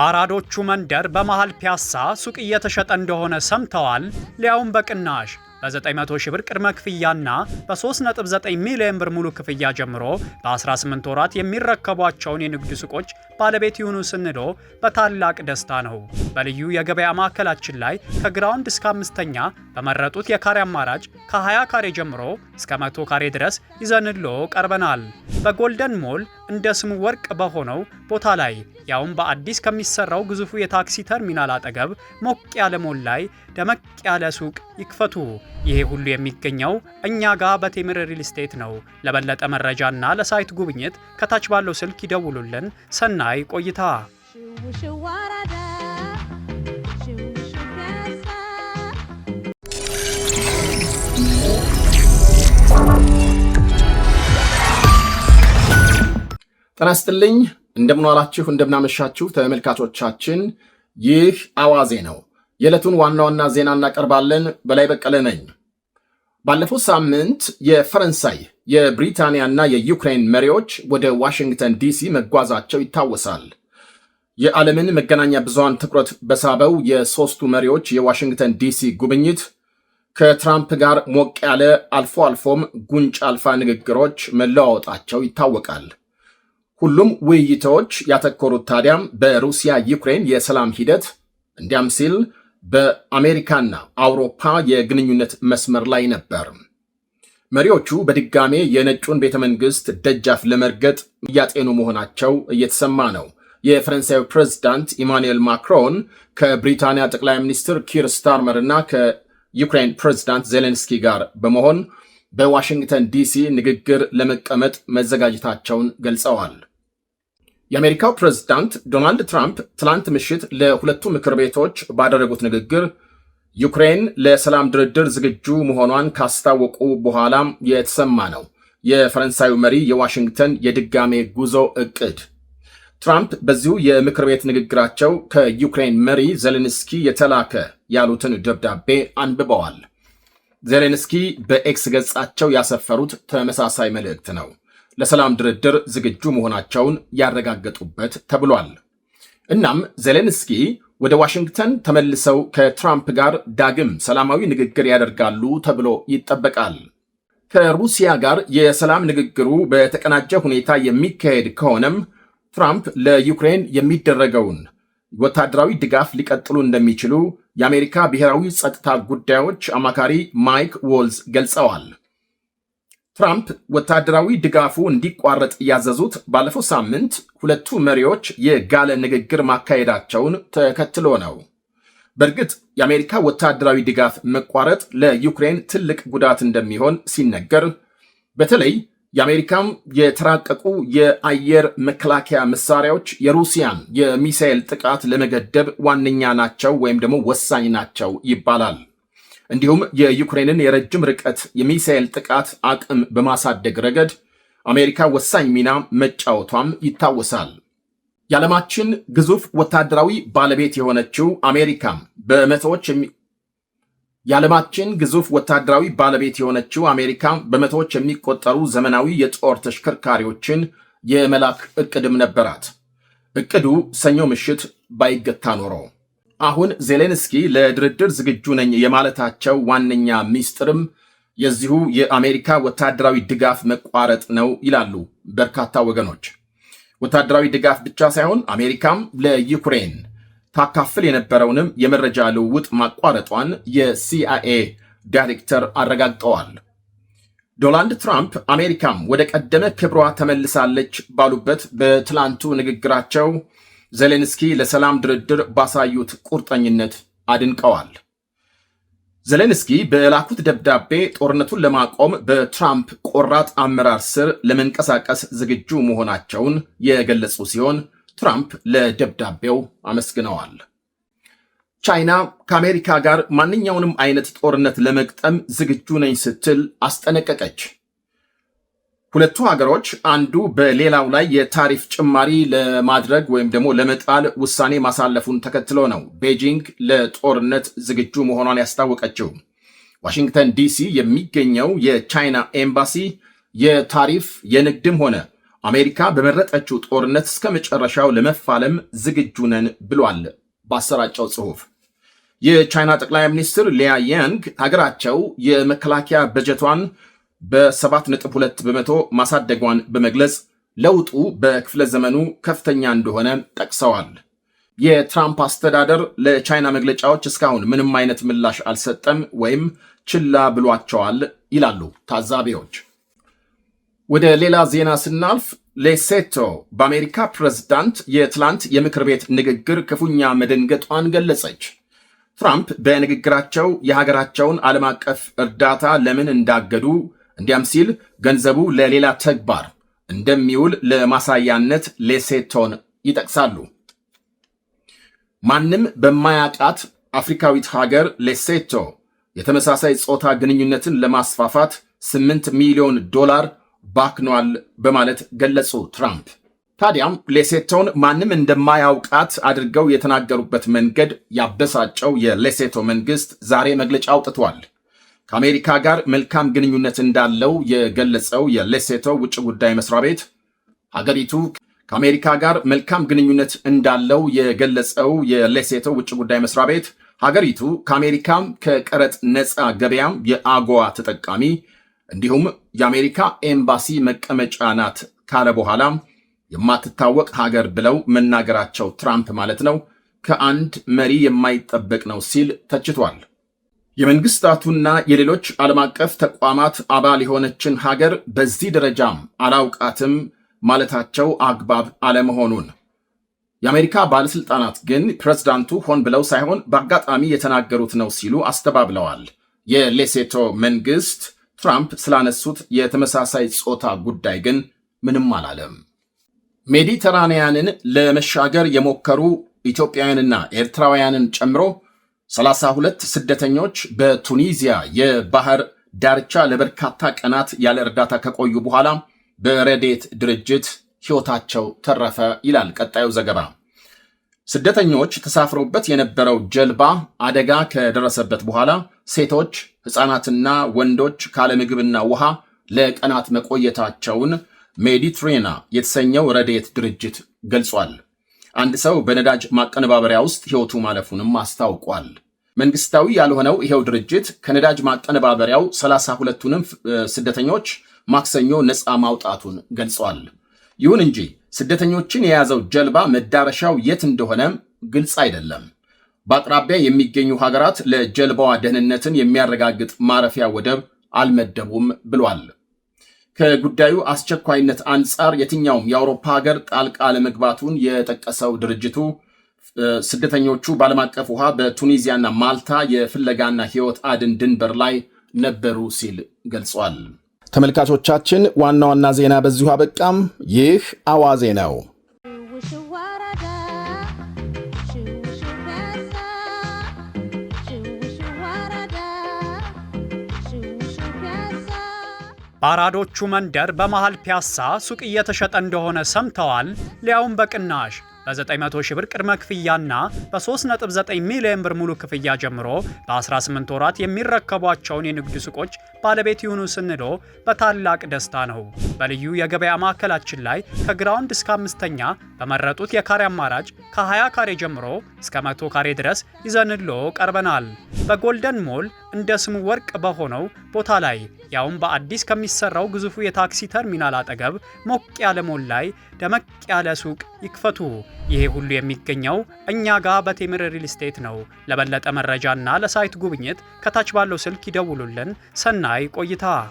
ባራዶቹ መንደር በመሃል ፒያሳ ሱቅ እየተሸጠ እንደሆነ ሰምተዋል? ሊያውም በቅናሽ በ900 ሺህ ብር ቅድመ ክፍያና በ3.9 ሚሊዮን ብር ሙሉ ክፍያ ጀምሮ በ18 ወራት የሚረከቧቸውን የንግድ ሱቆች ባለቤት ይሁኑ ስንሎ በታላቅ ደስታ ነው። በልዩ የገበያ ማዕከላችን ላይ ከግራውንድ እስከ አምስተኛ በመረጡት የካሬ አማራጭ ከ20 ካሬ ጀምሮ እስከ መቶ ካሬ ድረስ ይዘንሎ ቀርበናል። በጎልደን ሞል እንደ ስሙ ወርቅ በሆነው ቦታ ላይ ያውም በአዲስ ከሚሰራው ግዙፉ የታክሲ ተርሚናል አጠገብ ሞቅ ያለ ሞል ላይ ደመቅ ያለ ሱቅ ይክፈቱ። ይሄ ሁሉ የሚገኘው እኛ ጋር በቴምር ሪል ስቴት ነው። ለበለጠ መረጃና ለሳይት ጉብኝት ከታች ባለው ስልክ ይደውሉልን። ሰናይ ቆይታ ጤና ይስጥልኝ እንደምንዋላችሁ እንደምናመሻችሁ ተመልካቾቻችን፣ ይህ አዋዜ ነው። የዕለቱን ዋና ዋና ዜና እናቀርባለን። በላይ በቀለ ነኝ። ባለፈው ሳምንት የፈረንሳይ የብሪታንያና የዩክሬን መሪዎች ወደ ዋሽንግተን ዲሲ መጓዛቸው ይታወሳል። የዓለምን መገናኛ ብዙሃን ትኩረት በሳበው የሦስቱ መሪዎች የዋሽንግተን ዲሲ ጉብኝት ከትራምፕ ጋር ሞቅ ያለ አልፎ አልፎም ጉንጭ አልፋ ንግግሮች መለዋወጣቸው ይታወቃል። ሁሉም ውይይቶች ያተኮሩት ታዲያም በሩሲያ ዩክሬን የሰላም ሂደት እንዲያም ሲል በአሜሪካና አውሮፓ የግንኙነት መስመር ላይ ነበር። መሪዎቹ በድጋሜ የነጩን ቤተ መንግስት ደጃፍ ለመርገጥ እያጤኑ መሆናቸው እየተሰማ ነው። የፈረንሳዩ ፕሬዝዳንት ኢማኑኤል ማክሮን ከብሪታንያ ጠቅላይ ሚኒስትር ኪር ስታርመር እና ከዩክሬን ፕሬዝዳንት ዜሌንስኪ ጋር በመሆን በዋሽንግተን ዲሲ ንግግር ለመቀመጥ መዘጋጀታቸውን ገልጸዋል። የአሜሪካው ፕሬዝዳንት ዶናልድ ትራምፕ ትላንት ምሽት ለሁለቱ ምክር ቤቶች ባደረጉት ንግግር ዩክሬን ለሰላም ድርድር ዝግጁ መሆኗን ካስታወቁ በኋላም የተሰማ ነው የፈረንሳዩ መሪ የዋሽንግተን የድጋሜ ጉዞ እቅድ። ትራምፕ በዚሁ የምክር ቤት ንግግራቸው ከዩክሬን መሪ ዜሌንስኪ የተላከ ያሉትን ደብዳቤ አንብበዋል። ዜሌንስኪ በኤክስ ገጻቸው ያሰፈሩት ተመሳሳይ መልእክት ነው። ለሰላም ድርድር ዝግጁ መሆናቸውን ያረጋገጡበት ተብሏል። እናም ዜሌንስኪ ወደ ዋሽንግተን ተመልሰው ከትራምፕ ጋር ዳግም ሰላማዊ ንግግር ያደርጋሉ ተብሎ ይጠበቃል። ከሩሲያ ጋር የሰላም ንግግሩ በተቀናጀ ሁኔታ የሚካሄድ ከሆነም ትራምፕ ለዩክሬን የሚደረገውን ወታደራዊ ድጋፍ ሊቀጥሉ እንደሚችሉ የአሜሪካ ብሔራዊ ጸጥታ ጉዳዮች አማካሪ ማይክ ዎልዝ ገልጸዋል። ትራምፕ ወታደራዊ ድጋፉ እንዲቋረጥ ያዘዙት ባለፈው ሳምንት ሁለቱ መሪዎች የጋለ ንግግር ማካሄዳቸውን ተከትሎ ነው። በእርግጥ የአሜሪካ ወታደራዊ ድጋፍ መቋረጥ ለዩክሬን ትልቅ ጉዳት እንደሚሆን ሲነገር፣ በተለይ የአሜሪካም የተራቀቁ የአየር መከላከያ መሳሪያዎች የሩሲያን የሚሳኤል ጥቃት ለመገደብ ዋነኛ ናቸው ወይም ደግሞ ወሳኝ ናቸው ይባላል። እንዲሁም የዩክሬንን የረጅም ርቀት የሚሳኤል ጥቃት አቅም በማሳደግ ረገድ አሜሪካ ወሳኝ ሚና መጫወቷም ይታወሳል። የዓለማችን ግዙፍ ወታደራዊ ባለቤት የሆነችው አሜሪካም በመቶዎች የዓለማችን ግዙፍ ወታደራዊ ባለቤት የሆነችው አሜሪካ በመቶዎች የሚቆጠሩ ዘመናዊ የጦር ተሽከርካሪዎችን የመላክ እቅድም ነበራት። እቅዱ ሰኞ ምሽት ባይገታ ኖረው አሁን ዜሌንስኪ ለድርድር ዝግጁ ነኝ የማለታቸው ዋነኛ ሚስጥርም የዚሁ የአሜሪካ ወታደራዊ ድጋፍ መቋረጥ ነው ይላሉ በርካታ ወገኖች። ወታደራዊ ድጋፍ ብቻ ሳይሆን አሜሪካም ለዩክሬን ታካፍል የነበረውንም የመረጃ ልውውጥ ማቋረጧን የሲአይኤ ዳይሬክተር አረጋግጠዋል። ዶናልድ ትራምፕ አሜሪካም ወደ ቀደመ ክብሯ ተመልሳለች ባሉበት በትላንቱ ንግግራቸው ዘሌንስኪ ለሰላም ድርድር ባሳዩት ቁርጠኝነት አድንቀዋል። ዘሌንስኪ በላኩት ደብዳቤ ጦርነቱን ለማቆም በትራምፕ ቆራጥ አመራር ስር ለመንቀሳቀስ ዝግጁ መሆናቸውን የገለጹ ሲሆን ትራምፕ ለደብዳቤው አመስግነዋል። ቻይና ከአሜሪካ ጋር ማንኛውንም አይነት ጦርነት ለመግጠም ዝግጁ ነኝ ስትል አስጠነቀቀች። ሁለቱ ሀገሮች አንዱ በሌላው ላይ የታሪፍ ጭማሪ ለማድረግ ወይም ደግሞ ለመጣል ውሳኔ ማሳለፉን ተከትሎ ነው ቤጂንግ ለጦርነት ዝግጁ መሆኗን ያስታወቀችው። ዋሽንግተን ዲሲ የሚገኘው የቻይና ኤምባሲ የታሪፍ የንግድም ሆነ አሜሪካ በመረጠችው ጦርነት እስከ መጨረሻው ለመፋለም ዝግጁ ነን ብሏል ባሰራጨው ጽሑፍ። የቻይና ጠቅላይ ሚኒስትር ሊያ ያንግ ሀገራቸው የመከላከያ በጀቷን በ7.2 በመቶ ማሳደጓን በመግለጽ ለውጡ በክፍለ ዘመኑ ከፍተኛ እንደሆነ ጠቅሰዋል። የትራምፕ አስተዳደር ለቻይና መግለጫዎች እስካሁን ምንም አይነት ምላሽ አልሰጠም ወይም ችላ ብሏቸዋል ይላሉ ታዛቢዎች። ወደ ሌላ ዜና ስናልፍ ሌሴቶ በአሜሪካ ፕሬዝዳንት የትላንት የምክር ቤት ንግግር ክፉኛ መደንገጧን ገለጸች። ትራምፕ በንግግራቸው የሀገራቸውን ዓለም አቀፍ እርዳታ ለምን እንዳገዱ እንዲያም ሲል ገንዘቡ ለሌላ ተግባር እንደሚውል ለማሳያነት ሌሴቶን ይጠቅሳሉ። ማንም በማያቃት አፍሪካዊት ሀገር ሌሴቶ የተመሳሳይ ጾታ ግንኙነትን ለማስፋፋት 8 ሚሊዮን ዶላር ባክኗል በማለት ገለጹ ትራምፕ። ታዲያም ሌሴቶን ማንም እንደማያውቃት አድርገው የተናገሩበት መንገድ ያበሳጨው የሌሴቶ መንግስት ዛሬ መግለጫ አውጥቷል። ከአሜሪካ ጋር መልካም ግንኙነት እንዳለው የገለጸው የሌሴቶ ውጭ ጉዳይ መስሪያ ቤት ሀገሪቱ ከአሜሪካ ጋር መልካም ግንኙነት እንዳለው የገለጸው የሌሴቶ ውጭ ጉዳይ መስሪያ ቤት ሀገሪቱ ከአሜሪካም ከቀረጥ ነፃ ገበያም የአጎዋ ተጠቃሚ እንዲሁም የአሜሪካ ኤምባሲ መቀመጫ ናት ካለ በኋላ የማትታወቅ ሀገር ብለው መናገራቸው ትራምፕ ማለት ነው ከአንድ መሪ የማይጠበቅ ነው ሲል ተችቷል። የመንግስታቱና የሌሎች ዓለም አቀፍ ተቋማት አባል የሆነችን ሀገር በዚህ ደረጃም አላውቃትም ማለታቸው አግባብ አለመሆኑን የአሜሪካ ባለሥልጣናት ግን ፕሬዝዳንቱ ሆን ብለው ሳይሆን በአጋጣሚ የተናገሩት ነው ሲሉ አስተባብለዋል። የሌሴቶ መንግስት ትራምፕ ስላነሱት የተመሳሳይ ጾታ ጉዳይ ግን ምንም አላለም። ሜዲተራንያንን ለመሻገር የሞከሩ ኢትዮጵያውያንና ኤርትራውያንን ጨምሮ ሰላሳ ሁለት ስደተኞች በቱኒዚያ የባህር ዳርቻ ለበርካታ ቀናት ያለ እርዳታ ከቆዩ በኋላ በረዴት ድርጅት ሕይወታቸው ተረፈ ይላል ቀጣዩ ዘገባ። ስደተኞች ተሳፍረውበት የነበረው ጀልባ አደጋ ከደረሰበት በኋላ ሴቶች፣ ሕፃናትና ወንዶች ካለምግብና ውሃ ለቀናት መቆየታቸውን ሜዲትሬና የተሰኘው ረዴት ድርጅት ገልጿል። አንድ ሰው በነዳጅ ማቀነባበሪያ ውስጥ ሕይወቱ ማለፉንም አስታውቋል። መንግስታዊ ያልሆነው ይሄው ድርጅት ከነዳጅ ማቀነባበሪያው ሰላሳ ሁለቱንም ስደተኞች ማክሰኞ ነፃ ማውጣቱን ገልጿል። ይሁን እንጂ ስደተኞችን የያዘው ጀልባ መዳረሻው የት እንደሆነ ግልጽ አይደለም። በአቅራቢያ የሚገኙ ሀገራት ለጀልባዋ ደህንነትን የሚያረጋግጥ ማረፊያ ወደብ አልመደቡም ብሏል። ከጉዳዩ አስቸኳይነት አንጻር የትኛውም የአውሮፓ ሀገር ጣልቃ ለመግባቱን የጠቀሰው ድርጅቱ ስደተኞቹ በዓለም አቀፍ ውሃ በቱኒዚያና ማልታ የፍለጋና ሕይወት አድን ድንበር ላይ ነበሩ ሲል ገልጿል። ተመልካቾቻችን ዋና ዋና ዜና በዚሁ አበቃም። ይህ አዋዜ ነው። ባራዶቹ መንደር በመሃል ፒያሳ ሱቅ እየተሸጠ እንደሆነ ሰምተዋል? ሊያውም በቅናሽ በ900 ሺህ ብር ቅድመ ክፍያና በ3.9 ሚሊዮን ብር ሙሉ ክፍያ ጀምሮ በ18 ወራት የሚረከቧቸውን የንግድ ሱቆች ባለቤት ይሁኑ ስንሎ በታላቅ ደስታ ነው። በልዩ የገበያ ማዕከላችን ላይ ከግራውንድ እስከ አምስተኛ በመረጡት የካሬ አማራጭ ከ20 ካሬ ጀምሮ እስከ መቶ ካሬ ድረስ ይዘንሎ ቀርበናል። በጎልደን ሞል እንደ ስሙ ወርቅ በሆነው ቦታ ላይ ያውም በአዲስ ከሚሰራው ግዙፉ የታክሲ ተርሚናል አጠገብ ሞቅ ያለ ሞል ላይ ደመቅ ያለ ሱቅ ይክፈቱ። ይሄ ሁሉ የሚገኘው እኛ ጋር በቴምር ሪል ስቴት ነው። ለበለጠ መረጃና ለሳይት ጉብኝት ከታች ባለው ስልክ ይደውሉልን። ሰና 来过一趟。